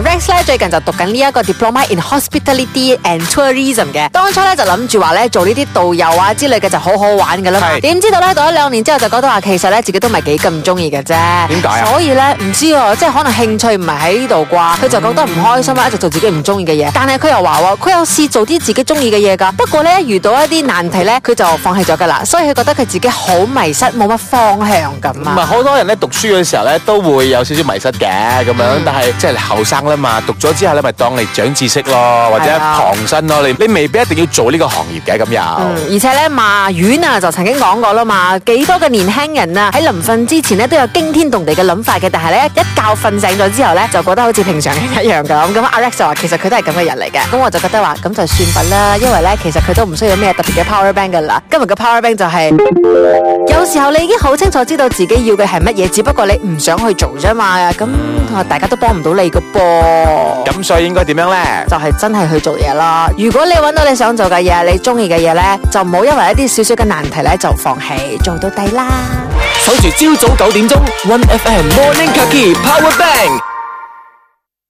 Rex 咧最近就讀緊呢一個 Diploma in Hospitality and Tourism 嘅，當初咧就諗住話咧做呢啲導遊啊之類嘅就好好玩噶啦，點是知道咧讀咗兩年之後就覺得話其實咧自己都唔係幾咁中意嘅啫。點解？所以咧唔知哦，即係可能興趣唔係喺呢度啩，佢就覺得唔開心啦，一直、嗯、做自己唔中意嘅嘢。但係佢又話喎，佢有試做啲自己中意嘅嘢噶，不過咧遇到一啲難題咧，佢就放棄咗噶啦，所以佢覺得佢自己好迷失，冇乜方向咁啊。唔係好多人咧讀書嘅時候咧都會有少少迷失嘅咁樣，但係即係後生。啦嘛，讀咗之後咧，咪當你長知識咯，或者旁身咯，你你未必一定要做呢個行業嘅咁又。而且咧，馬雲啊，就曾經講過啦嘛，幾多個年輕人啊，喺臨瞓之前咧都有驚天動地嘅諗法嘅，但係咧一覺瞓醒咗之後咧，就覺得好似平常人一樣咁。咁 Alex 就話，其實佢都係咁嘅人嚟嘅。咁我就覺得話，咁就算法啦，因為咧其實佢都唔需要咩特別嘅 power bank 噶啦。今日嘅 power bank 就係，有時候你已經好清楚知道自己要嘅係乜嘢，只不過你唔想去做啫嘛。咁大家都幫唔到你嘅噃。咁所以應該點樣咧？就係真係去做嘢啦。如果你揾到你想做嘅嘢，你中意嘅嘢咧，就唔好因為一啲少少嘅難題咧就放棄，做到底啦。守住朝早九點鐘，One FM Morning Cookie Power Bank。